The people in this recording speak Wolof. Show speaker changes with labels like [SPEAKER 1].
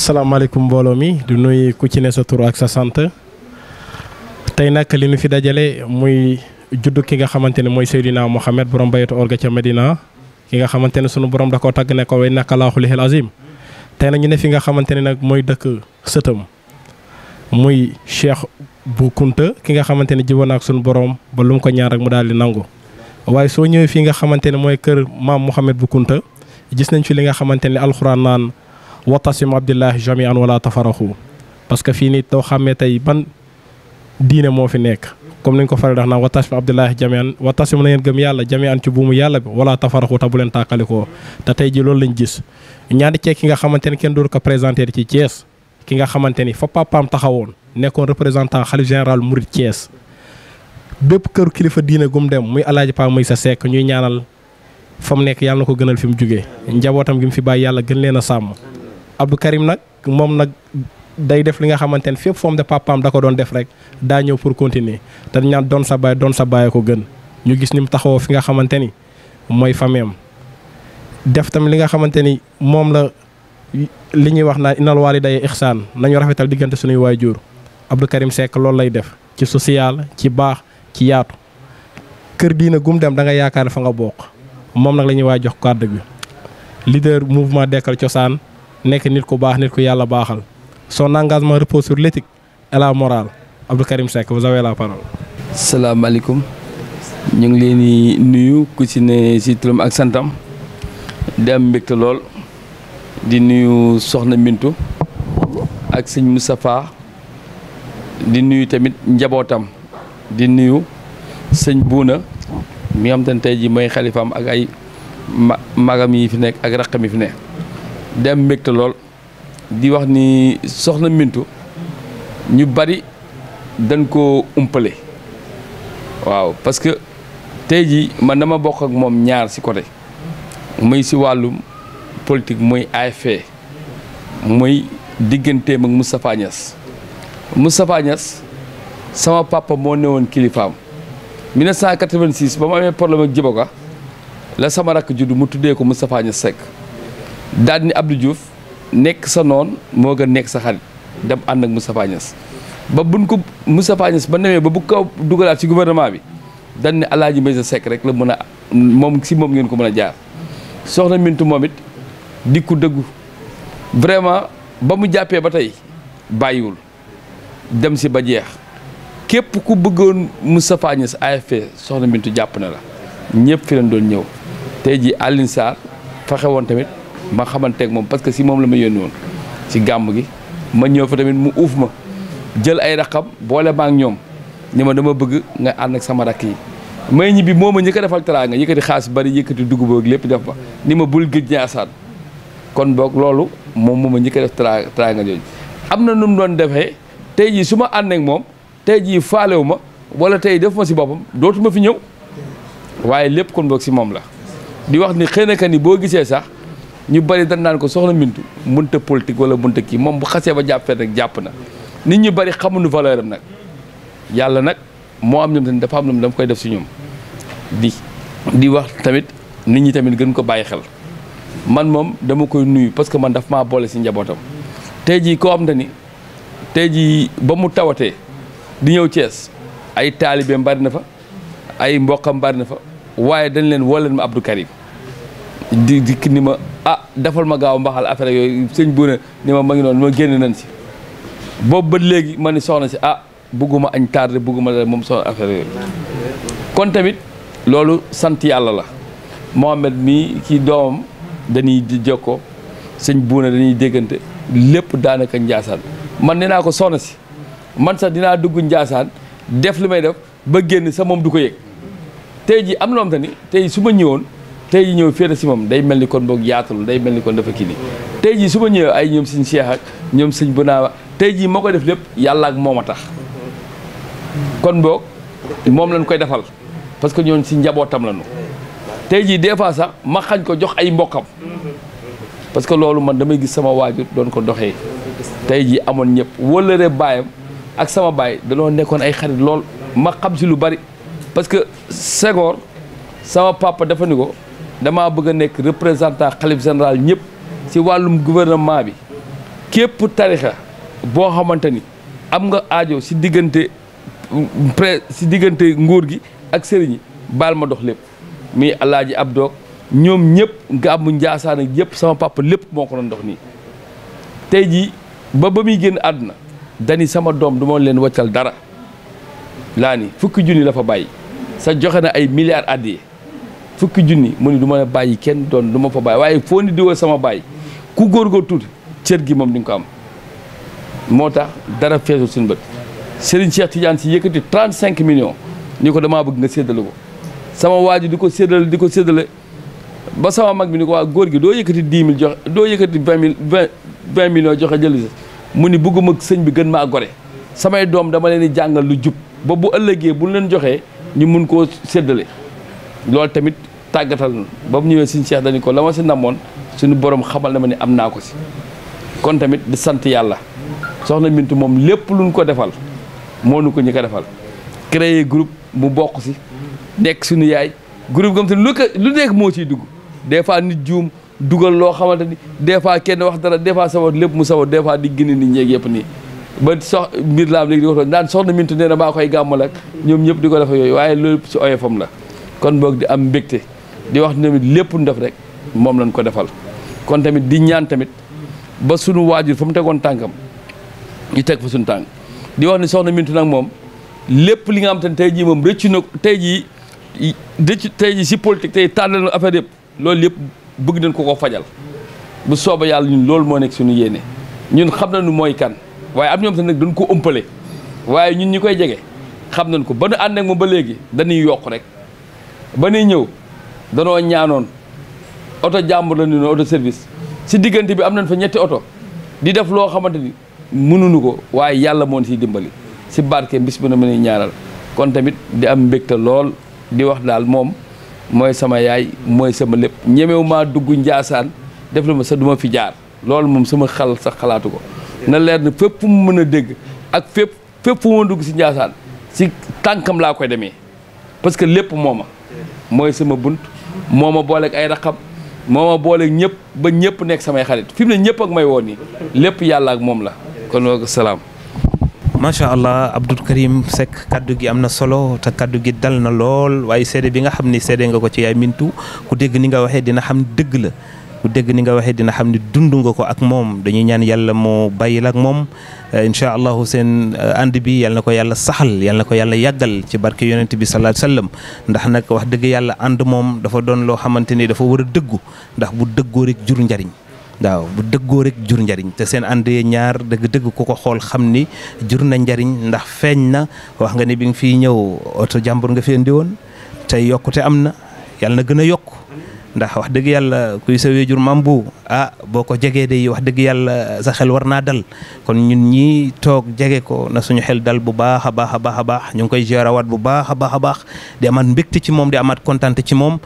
[SPEAKER 1] salaamaaleykum mbooloo mi di nuy ku ci ne sa tur ak sa sant tey nag li nu fi dajale muy juddu ki nga xamante ne mooy Seydina Mohamed borom bayatu orga ca Medina ki nga xamante ne sunu borom da koo tagg ne ko way naka laaxul xel azim tey nag ñu ne fi nga xamante ne nag mooy dëkk sëtam muy Cheikh bu Kunta ki nga xamante ne jiwoon ak sunu borom ba lu ko ñaar rek mu daal di nangu waaye soo ñëwee fii nga xamante ne mooy kër maam Mohamed bu Kunta gis nañ fi li nga xamante ne alxuraan naan. watasim abdillahi jamian wala tafaraxu parce que fii nii doo xàmmee tey ban diine moo fi nekk comme nañ ko faral dax naa watasim abdillahi jamian watasim na ngeen gëm yàlla jamian ci buumu yàlla bi wala tafaraxu te bu leen tàqalikoo te tey ji loolu lañ gis ñaani cee ki nga xamante ni kenn dooru ko présenté ci Thiès ki nga xamante ni fa papaam taxawoon nekkoon représentant xalif général Mouride Thiès bépp kër kilifa diine gum dem muy alaaji Pa muy sa sekk ñuy ñaanal fa mu nekk yàlla ko gënal fi mu jugee njabootam gi mu fi bàyyi yàlla gën leen a sàmm Abdou Karim nak mom nak day def li nga xamante ne fépp de papaam da ko doon def rek daa ñëw pour continuer te ñaan doon sa baay doon sa baay ko gën ñu gis ni mu fi nga xamante ni mooy def tamit li nga xamante ni la li ñuy wax naan innal waalidayya ixsaan nañu rafetal Abdou Karim Seck loolu lay def ci social ci baax ci yaatu kër diina gum dem da nga yaakaar fa nga bokk moom jox leader mouvement dekkal cosaan nekk nit ku baax nit ku yàlla baaxal soo engagement repose sur l'éthique et la morale Abdou Karim Seck vous avez la parole.
[SPEAKER 2] salaamaaleykum ñu ngi leen di nuyu ku si ne ci turam ak santam di am mbégte lool di nuyu Soxna mbintu ak sëñ Moustapha di nuyu tamit njabootam di nuyu sëñ Buuna mi nga xam te ne tey jii mooy xalifaam ak ay magam yi fi nekk ak raqam yi fi nekk. di am lool di wax ni soxna Mintu ñu bari dañ ko umpale waaw parce que tey jii man dama bokk ak moom ñaar ci côté muy si wàllum politique muy AFP muy digganteem ak Moustapha Niass Moustapha Niass sama papa moo newoon kilifaam 1986 ba mu amee problème ak Djibo Ka la sama rakk juddu mu tuddee ko Moustapha Niass Seck dal ni Abdou Diouf nek sa non mo gën nek sa xarit dem and ak Moustapha Niass ba buñ ko Moustapha Niass ba demee ba bu ko dugalat ci gouvernement bi dal ni aladji mbeye sa rek la mën mom ci mom ngeen ko mën jaar soxna Mintu momit it di ku dëggu vraiment ba mu jappé ba tay bayiwul dem si ba jeex kep ku bëggoon Moustapha Niass AFP soxna Mintu japp na la ñepp fi lañ doon ñew tay ji aline sar faxewon tamit ma xamanteek moom parce que si moom la ma yónni woon ci gàmm gi ma ñëw fa tamit mu uuf ma jël ay raqam boole ma ak ñoom ñu ma dama bëgg nga ànd ak sama rakk yi may ñibbi moom ma ñi ko defal teraanga yëkkati xaalis bari yëkkati dugub ak lépp def ba ni ma bul gëj ñaasaan kon boog loolu moom moo ma ñi ko def teraanga jooju am na nu doon defee tey jii su ma àndeek moom tey jii faalewu ma wala tey def ma si boppam dootuma fi ñëw waaye lépp kon boog si moom la di wax ni xëy na ni boo gisee sax ñu bari dañ naan ko soxna Bintu mënta politique wala mënta kii moom bu xasee ba jàpp fenn rek jàpp na nit ñu bari xamuñu valeur am nag yàlla nag moo am ñoom dafa am lu dama koy def si ñoom di di wax tamit nit ñi tamit gën ko bàyyi xel man moom dama koy nuyu parce que man daf ma boole si njabootam tey jii koo xam te ni tey jii ba mu tawatee di ñëw Thiès ay taalibeem bari na fa ay mbokkam bari na fa waaye dañu leen woo leen ma Abdou Karim dikk ni ma ah defal ma gaaw mbaxal affaire yooyu sëñ bu ni ma ma ngi noonu ma génn nañ si boobu ba léegi ma ni soxna si ah bugguma añ tardé bugguma dara moom soxna affaire kon tamit loolu sant yàlla la Mohamed mii kii doomam dañuy jokkoo sëñ buuna dañuy déggante lépp daanaka njaasaan man nee naa ko soxna si man sax dinaa dugg njaasaan def li may def ba génn sa moom du ko yëg tey ji am na loo xamante tey su ma ñëwoon tay yi ñew féete ci mom day melni kon bok yaatul day melni kon dafa kini tay jii suma ñew ay ñom seigne Cheikh ak ñom seigne bunawa tay jii mako def lepp yalla ak moma tax kon bok mom lañ koy defal parce que ñoon ci njabotam lañu tay des fois ma xañ ko jox ay mbokam parce que lolu man damay gis sama wajur don ko doxé tay jii amoon ñep wolere bayam ak sama da lo nekkon ay xarit lool ma xam lu bari parce que segor sama papa defaniko damaa bëgg a nekk représentant xalif général ñëpp ci wàllum gouvernement bi képp tarixa boo xamante ni am nga aajo ci diggante pré ci diggante nguur gi ak sëriñ yi baal ma dox lépp muy ab abdoog ñoom ñëpp nga am njaasaan ak sama papa lépp moo ko doon dox nii tey jii ba ba muy génn àdduna dani sama doom du leen waccal dara laa ni fukki junni la fa bàyyi sa joxe na ay milliards àddiya fukki junni mu ni du ma bàyyi kenn doon du ma fa bàyyi waaye foo ni diwoo sama bàyyi ku góorgóor tuuti cër gi moom ni nga ko am moo tax dara feesul suñu bët Serigne Cheikh Tidiane si yëkkati 35 millions ñu ko damaa bëgg nga séddale ko sama waaju di ko séddale di ko séddale ba sama mag bi ni ko waa góor gi doo yëkkati 10 000 joxe doo yëkkati 20 mille 20 20 millions joxe jëli mu ni bëgguma sëñ bi gën maa gore samay doom dama leen di jàngal lu jub ba bu ëllëgee bu leen joxee ñu mun koo séddale tàggatal ba mu ñëwee suñu seex dañu ko la ma si namoon suñu borom xamal na ma ni am naa ko si kon tamit di sant yàlla soxna mintu moom lépp luñ ko defal moo nu ko ñu ko defal créer groupe mu bokk si nekk suñu yaay groupe gam te lu ko lu nekk moo ciy dugg des fois nit juum dugal loo xamante ni des fois kenn wax dara des fois sawar lépp mu sawar des fois di génne nit ñeeg yëpp nii ba sox mbir laam léegi di ko naan soxna Bintu nee na maa koy gàmmal ak ñoom ñëpp di ko defa yooyu waaye loolu ci oyofam la kon boog di am mbégte di wax tamit lépp lu def rek moom lañ ko defal kon tamit di ñaan tamit ba sunu waajur fa mu tegoon tànkam ñu teg fa sunu tànk di wax ni soxna Mintu nag moom lépp li nga xam te ne tey jii moom rëccu na tey jii rëccu tey jii si politique tey tàllal na affaire yëpp loolu yëpp bëgg nañ ko ko fajal bu sooba yàlla ñun loolu moo nekk suñu yéenee ñun xam na nañu mooy kan waaye am ñoom te nag dañ ko ëmpale waaye ñun ñi koy jege xam nañ ko ba nu ànd ak moom ba léegi dañuy yokk rek ba ñëw danoo ñaanoon oto jàmbur la ni noonu oto service si diggante bi am nañ fa ñetti oto di def loo xamante ni mënuñu ko waaye yàlla moo siy dimbali si barke bis bi na mën a ñaanal kon tamit di am mbégte lool di wax daal moom mooy sama yaay mooy sama lépp ñemewu maa dugg njaasaan def la ma sa duma fi jaar loolu moom sama xal sax xalaatu ko na leer na fépp fu mu mën a dégg ak fépp fépp fu ma dugg si njaasaan si tànkam laa koy demee parce que lépp moo ma mooy sama bunt moo ma booleeg ay raqam moo ma booleeg ñëpp ba ñëpp nekk samay xarit fi mu ne ñëpp ak may woon ni lépp yàlla ak moom la kon wa salaam.
[SPEAKER 1] macha allah Abdou Karim Seck kàddu gi am na solo te kàddu gi dal na lool waaye seede bi nga xam ni seede nga ko ci yaay Mintu ku dégg ni nga waxee dina xam dëgg la. bu dégg ni nga waxee dina xam ni dund nga ko ak moom dañuy ñaan yàlla moo bàyyil ak moom eh, incha allahu seen and eh, bi yal na ko yàlla saxal yal na ko yàlla yàggal ci barke yonent bi sallallahu alayhi wasallam ndax nag wax dëgg yàlla ànd moom dafa doon loo xamante ni dafa war a dëggu ndax bu dëggoo rek jur njariñ waaw bu dëggoo rek jur njariñ te seen ànd ñaar dëgg-dëgg ko ko xool xam ni jur na njariñ ndax feeñ na wax nga ni bi nga fiy ñëw oto jàmbur nga fi indi woon te yokkute am na yàlla na gën a yokk ndax wax dëgg yàlla kuy sa wéjur maam bu ah boo ko jegee day wax dëgg yàlla sa xel war naa dal kon ñun ñii toog jege ko na suñu xel dal bu baax a baax a baax a baax ñu ngi koy gérawaat bu baax a baax a baax di amaat mbégte ci moom di amaat kontaan ci moom